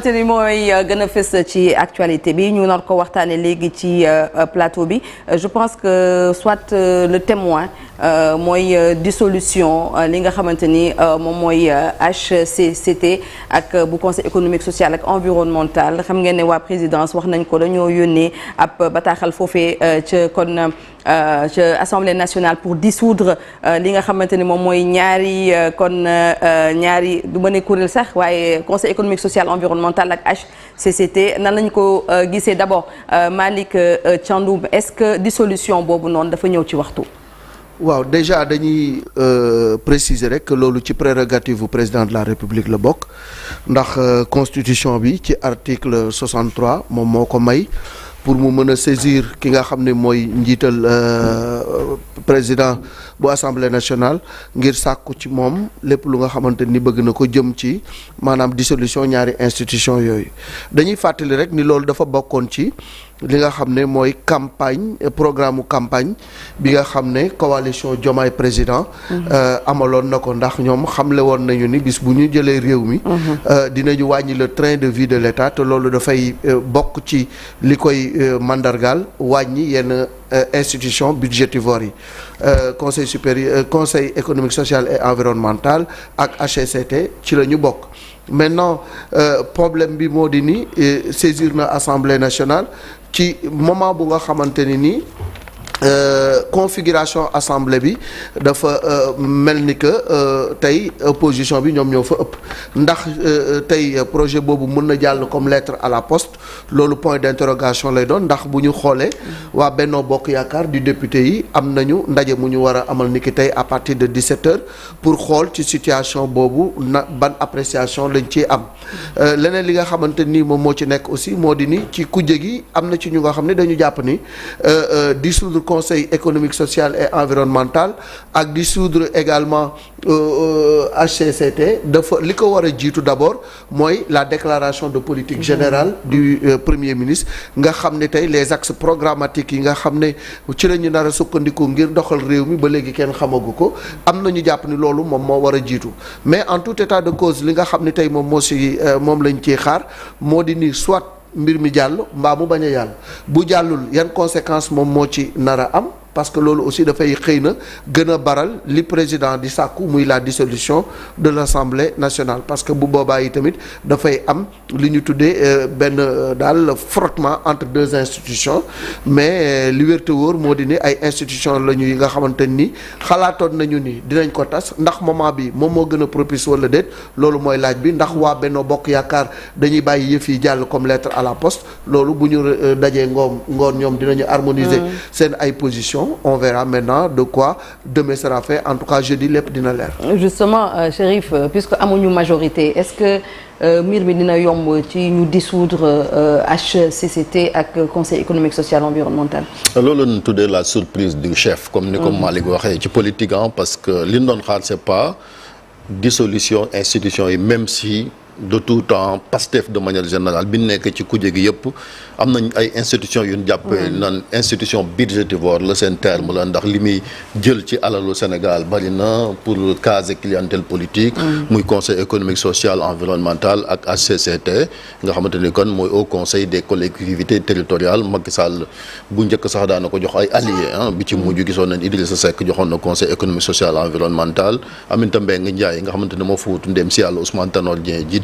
te ni mooy euh, gën a fës ci actualité bi ñu nar ko waxtaane léegi ci euh, euh, plateau bi je pense que soit le témoin mooy dissolution li nga xamante ni moom mooy HCCT ak bu conseil économique social ak environnemental xam ngeen ne waa présidence wax nañ ko dañoo yónnee ab bataaxal foofee ca kon euh, assemblée nationale pour dissoudre euh, li nga xamante ni moom mooy ñaari euh, kon euh, ñaari du ma ne kuréel sax waaye conseil économique social environnemental ak HCCT nan lañ ko gisee d'abord Malick Thiandoum est-ce que dissolution boobu noonu dafa ñëw ci waxtu. waaw déjà dañuy euh, préciser rek loolu ci prérogative bu président de la république la bokk ndax constitution bi ci article 63 moom moo ko may. pour mu mën a saisir ki nga xam ne mooy njiital euh, président bu assemblée nationale ngir sàkku ci moom lépp lu nga xamante ni bëgg na ko jëm ci maanaam dissolution ñaari institution yooyu dañuy fàttali rek ni loolu dafa bokkoon ci li nga xam ne mooy campagne programme campagne bi nga xam ne coalition Diomaye président mhm. euh, amaloon na ko ndax ñoom xamle woon nañu ni bis bu ñu jëlee réew mi mhm. euh, dinañu wàññi le train de vie de l'État te loolu dafay euh, bokk ci li koy mandargaal wàññi yenn Euh, institution budgétivore yi euh, conseil supérieur euh, conseil économique social et environnemental ak HCCT ci la ñu bokk maintenant problème bi moo di ni saisir na assemblée nationale ci moment bu nga xamante ni nii Euh, configuration assemblée bi dafa euh, mel ni que euh, tey position bi ñoom ñoo fa ëpp ndax euh, tey projet boobu mën na jàll comme lettre à la poste loolu point d'interrogation lay doon ndax bu ñu xoolee waa Benno Bokk Yaakaar du député yi am nañu ndaje mu ñu war a amal niki tey à partir de dix 17 heures pour xool ci situation boobu na ban appréciation lañ ci am leneen li nga xamante nii moom moo ci nekk aussi moo di nii ci kujje gi am na ci ñu nga xam ne dañu jàpp ni conseil économique social et environnemental ak dissoudre également HCCT euh, euh, dafa li ko war a jiitu d'abord mooy la déclaration de politique générale mm-hmm. du euh, premier ministre nga xam ne tey les axes programmatiques yi nga xam ne ci la ñu nar sukkandiku ngir doxal réew mi ba léegi kenn xamagu ko am na ñu jàpp ni loolu moom moo war a jiitu mais en tout état de cause li nga xam ne tey moom moo si moom lañ ciy xaar moo di ni soit mbir mi jàll mbaa mu bañ a yàlla bu jàllul yan conséquence moom moo ci nar a am parce que loolu aussi dafay xëy na gën a baral li président di sàkku muy la dissolution de l'Assemblée nationale parce que bu boobaa yi tamit dafay am lu ñu tuddee euh, benn euh, daal frottement entre deux institutions mais euh, li wérte moo di ni ay institutions la ñu yi nga xamante ni xalaatoon nañu ni dinañ ko tas ndax moment bi moom moo gën a propice wala déet loolu mooy laaj bi ndax waa benn Bokk Yaakaar dañuy bàyyi yëf yi jàll comme lettre à la poste loolu bu ñu dajee ngoom ngoon ñoom dinañu harmoniser mmh. seen ay position émission on verra maintenant de quoi demain sera fait en tout cas jeudi lépp dina leer. Euh, justement euh, Chérif euh, puisque amuñu majorité est-ce que euh, mbir mi dina yomb ci ñu dissoudre HCCT ak conseil économique social environnemental. loolu ñu tuddee la surprise du chef. comme ni ko mhm. Malick waxee ci politique parce que li ñu doon xaar c'est pas dissolution institution yi même si. de tout temps Pastef de manière générale bi nekk ci kuje gi yëpp am nañ ay institutions yu ñu jàppee nan institution budgétivore la seen terme la ndax li muy jël ci alalu Sénégal bari na pour case clientèle politique muy conseil économique social environnemental ak HCCT nga xamante ni kon mooy au conseil des collectivités territoriales Macky Sall bu njëkk sax daana ko jox ay alliés ah bi ci mujj gisoon nañ Idrissa Seck joxoon na conseil économique social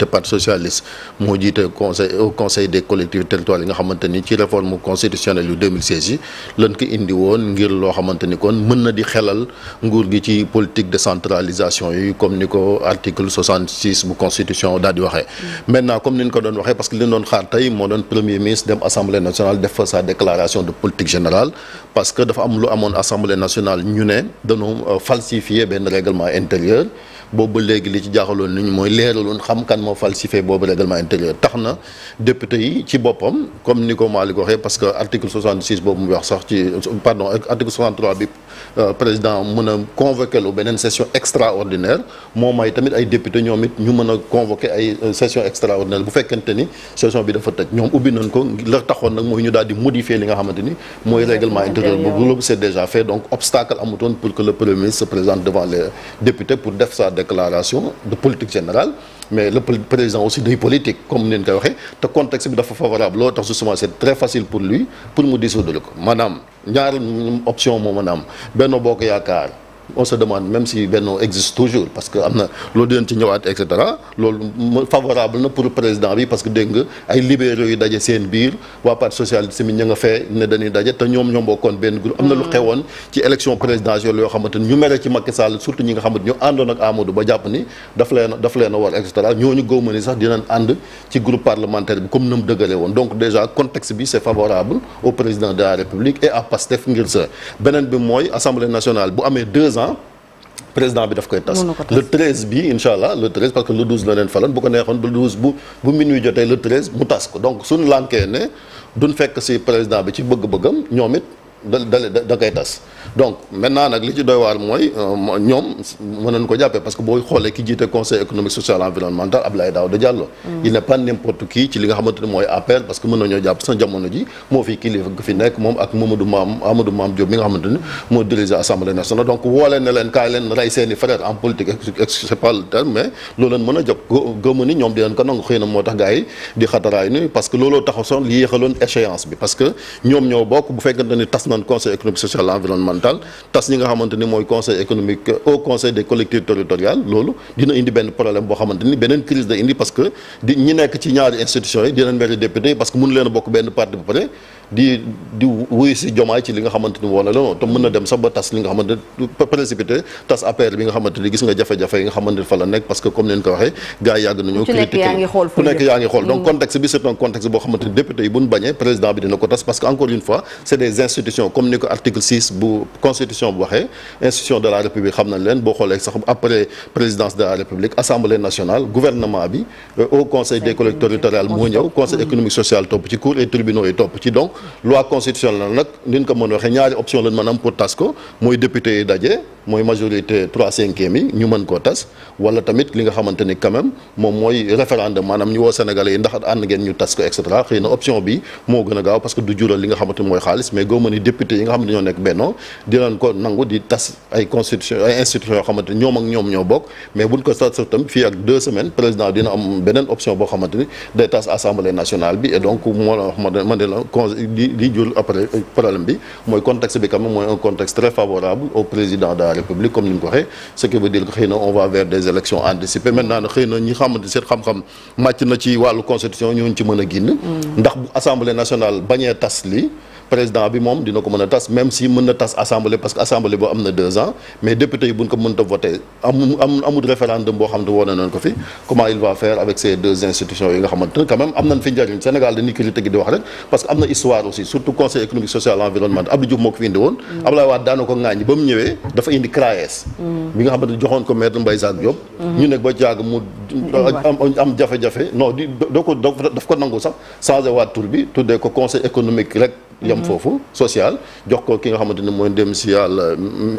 parti socialiste moo jiite conseil au conseil des collectivités territoriales yi nga xamante ni ci réforme constitutionnelle yu 2016 yi lañ ko indi woon ngir loo xamante ni kon mën na di xelal nguur gi ci politique de centralisation yi comme ni ko article bu constitution daal di waxee. maintenant comme ni ñu ko doon waxee parce que li ñu doon xaar tey moo doon premier ministre dem assemblée nationale def fa sa déclaration de politique générale parce que dafa am lu amoon assemblée nationale ñu ne euh, boobu ba léegi li ci jaaxaloon nit ñi mooy leeraloon xam kan moo falsifié boobu règlement intérieur tax na député yi ci boppam comme ni ko Malick waxee parce que article 66 boobu mu wax sax ci pardon article 63 Euh, président mën a convoqué lu beneen session extraordinaire moo may tamit ay député ñoom it ñu mën a convoqué ay euh, session extraordinaire bu fekkente ni session bi dafa tëj ñoom ubbi nañ ko la taxoon nag mooy ñu daal di modifier li nga xamante ni mooy règlement intérieur boobu loolu c'est déjà fait donc obstacle amutoon pour que le premier ministre se présente devant les députés pour def sa déclaration de politique général mais le président aussi day politique comme ni ñu koy waxee te contexte bi dafa favorable loo tax justement c'est très facile pour lui pour mu dissoudre ko maanaam ñaar option moo mën a am benn boo ko on se demande même si Benno existe toujours parce que am na loolu dinañ ci ñëwaat et loolu favorable na pour président bi parce que dégg ay libéraux yu daje seen biir waa parti socialiste mi ña hmm. ñu mere ci Macky Sall surtout ñi nga xamante ñu àndoon ak Amadou ba jàpp ni daf leen daf leen war et ñooñu góob ni sax dinañ ànd ci groupe parlementaire bi comme na dëgëree woon donc déjà contexte bi c'est favorable au président de la République et à Pastef ans président bi daf koy tas le 13 bi incha allah le 13 parce que le 12 la leen bu ko neexoon bu 12 bu bu minuit jotee le 13 mu tas ko donc suñu lànkee ne duñ fekk si président bi ci bëgg-bëggam ñoom it da da da tas donc maintenant nag li ci doy waar mooy euh, ñoom mënoon ko jàppee parce que boo xoolee ki jiite conseil économique social environnemental Abdoulaye Daouda Diallo. Mm. il n'est pas n'importe qui ci li nga xamante mooy APR parce que moom ak Mamadou Maam Amadou Maam Diop mi nga xamante moo diriger assemblée nationale donc woolee leen kaay leen rey seeni frère en politique c'est pas mën a jàpp gëmu ni ñoom di leen xëy na moo tax gars nan conseil économique social environnemental tas ñi nga xamante ni mooy conseil économique au conseil des collectivités territoriales loolu dina indi benn problème boo xamante ni beneen crise da indi parce que ñi nekk ci ñaari institutions yi dinañ mel député parce que mënu leen a bokk benn parti ba pare di di wuyu si jomaay ci li nga xamante ni wala na dem sax ba tas li nga xamante ne précipité tas affaire bi nga xamante ni gis nga jafe-jafe yi nga xamante ni fa la nekk parce que comme ni ñu ko yàgg nañoo critiquer ku yaa ngi xool donc mm. contexte bi c'est contexte boo xamante ni député yi buñ bañee président bi dina ko tas parce que encore une fois c'est des institutions comme ni article 6 bu constitution bu waxee institution de la république xam nañ leen boo loi constitutionnelle nag ni ñu ko mën a waxee ñaari option lañ mën am pour tas ko mooy député yi daje. mooy majorité trois cinquième yi ñu mën koo tas wala tamit li nga xamante ni quand même moom mooy référendum maanaam ñu woo sénégalais yi ndax ànd ngeen ñu tas ko et cetera xëy na option bi moo gën a gaaw parce que du jural li nga xamante mooy xaalis mais goo mën ni député yi nga xam ne ñoo nekk bennoo dinañ ko nangu di tas ay constitution ay institution ñoom ak ñoom ñoo bokk mais buñ ko tas tam fii ak deux semaines président dina am beneen option boo xamante ni day tas assemblée nationale bi et donc moo la wax ma ne la con république comme ni nga ko waxee ce qui veut dire que xëy na on va vers des élections anticipées maintenant na xëy na ñi xamante seen xam-xam màcc na ci wàllu constitution ñooñu ci mën a génn mm. ndax bu assemblée nationale bañee tas li président bi moom dina ko mën a tas même si mën na tas assemblée parce que assemblée boo am na deux ans mais député yi buñ ko mënta voté am amul référendum boo xam ne woon ko fi comment il va faire avec ces deux institutions yi nga xamante ne quand même am nañ fi njëriñ Sénégal dañuy di wax rek parce que am na histoire aussi surtout conseil économique social environnement Abdou Diouf moo ko fi indi woon mm. Abdoulaye Wade daana ko ŋaañ ba mu ñëwee dafa indi mm. yam foofu social jox ko ki nga xamante mooy dem si yàlla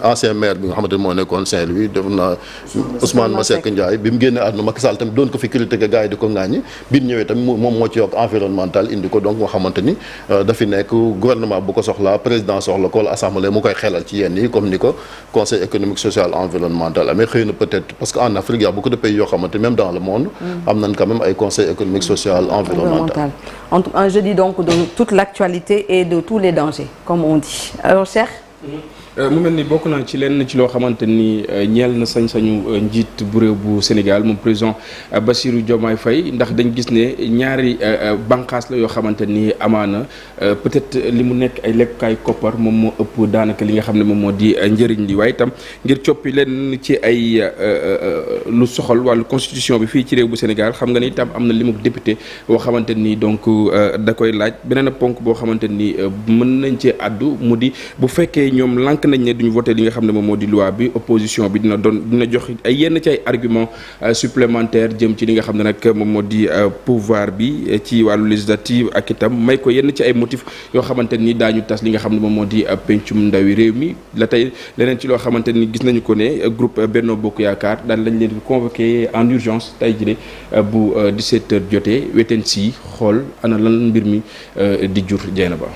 ancien maire bi nga xamante ne nekkoon Saint-Louis def na Ousmane Masseck Ndiaye bi mu génne àdduna Macky Sall tamit doon ko fi critiqué gars yi di ko ŋaañi bi ñëwee tamit moom moo ci yokk environnemental indi ko donc nga xamante euh, dafi nekk gouvernement bu ko soxlaa président soxla ko wala assemblée mu koy xelal ci yenn yi comme ni ko conseil économique social environnemental amee de tous les dangers, comme on dit. Alors, cher Euh, mu mel ni bokk na ci lenn ci loo xamante ni euh, ñeel na sañ-sañu euh, njiit bu réew bu Sénégal moom président Bassirou Diomaye fay ndax dañ gis ne ñaari banqaas la yoo xamante ni amaana peut-être li mu nekk ay lekkukaay koppar moom moo ëpp daanaka li nga xam ne moom moo di njëriñ li waaye itam ngir coppi lenn ci ay lu soxal wàllu constitution bi fii ci réew bu Sénégal xam nga ni am na limu député boo xamante nii donc da koy laaj beneen ponk boo xamante ni mën nañ ci àddu mu di bu fekkee ñoom lànk nañ ne duñu voté li nga xam ne moom moo di loi bi opposition bi dina doon dina jox ay yenn ci ay argument euh, supplémentaire jëm ci li nga xam ne nag moom moo di euh, pouvoir bi euh, ci wàllu législative ak itam may ko yenn ci ay motif yoo xamante ni daañu tas li nga xam ne moom moo di pencum ndawi réew mi la tey leneen ci loo xamante ni gis nañu ko ne groupe Benno Bokk Yaakaar daan lañ leen convoqué en urgence tey jii bu 17 heures jotee weteen si xool ana lan mbir mi di jur jeena ba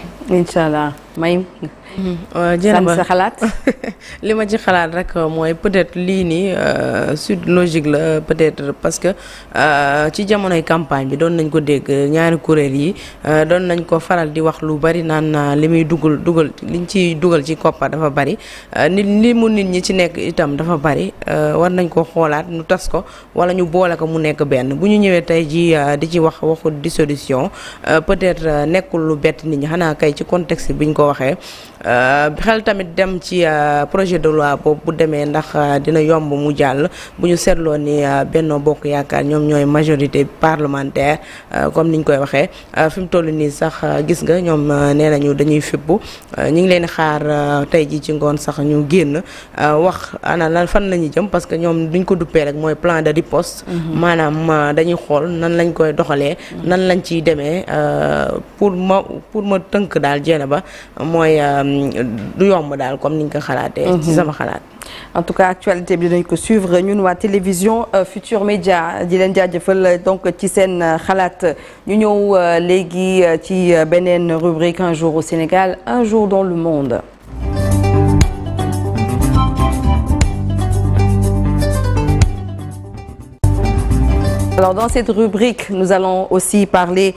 may mm-hmm. euh, jërëjëf sa xalaat li ma ci xalaat rek euh, mooy peut-être lii nii euh, suite logique la peut-être parce que ci jamonoy campagne bi doon nañ ko dégg ñaari kuréel yi doon nañ ko faral di wax lu bari naan li muy dugal dugal liñ ciy dugal ci koppa dafa bari nit li mu nit ñi ci nekk itam dafa bari war nañ ko xoolaat ñu tas ko wala ñu boole ko mu nekk benn bu ñu ñëwee tey ji di ci wax waxu dissolution peut-être nekkul lu bett nit ñi xanaa kay ci contexte biñ ko ko waxee euh, xel tamit dem ci euh, projet de loi boobu bu demee ndax euh, dina yomb mu jàll bu ñu seetloo ni Benno Bokk Yaakaar ñoom ñooy majorité parlementaire comme ni niñ koy waxee fi mu toll nii sax gis nga ñoom nee ñu dañuy fippu ñu ngi leen xaar tey ji ci ngoon sax ñu génn wax ana lan fan la ñuy jëm parce que ñoom duñ ko duppee rek mooy plan de riposte mhm. maanaam dañuy xool nan lañ koy doxalee mhm. nan lañ ciy demee pour ma pour ma tënk daal jeene ba mooy euh, du yomb daal comme ni nga ko xalaatee. Mhm. ci sama xalaat. en tout cas actualité bi dinañ ko suivre ñun waa télévision euh, Futur Média di leen jaajëfal euh, donc ci seen xalaat ñu ñëw léegi ci beneen rubrique un jour au Sénégal un jour dans le monde.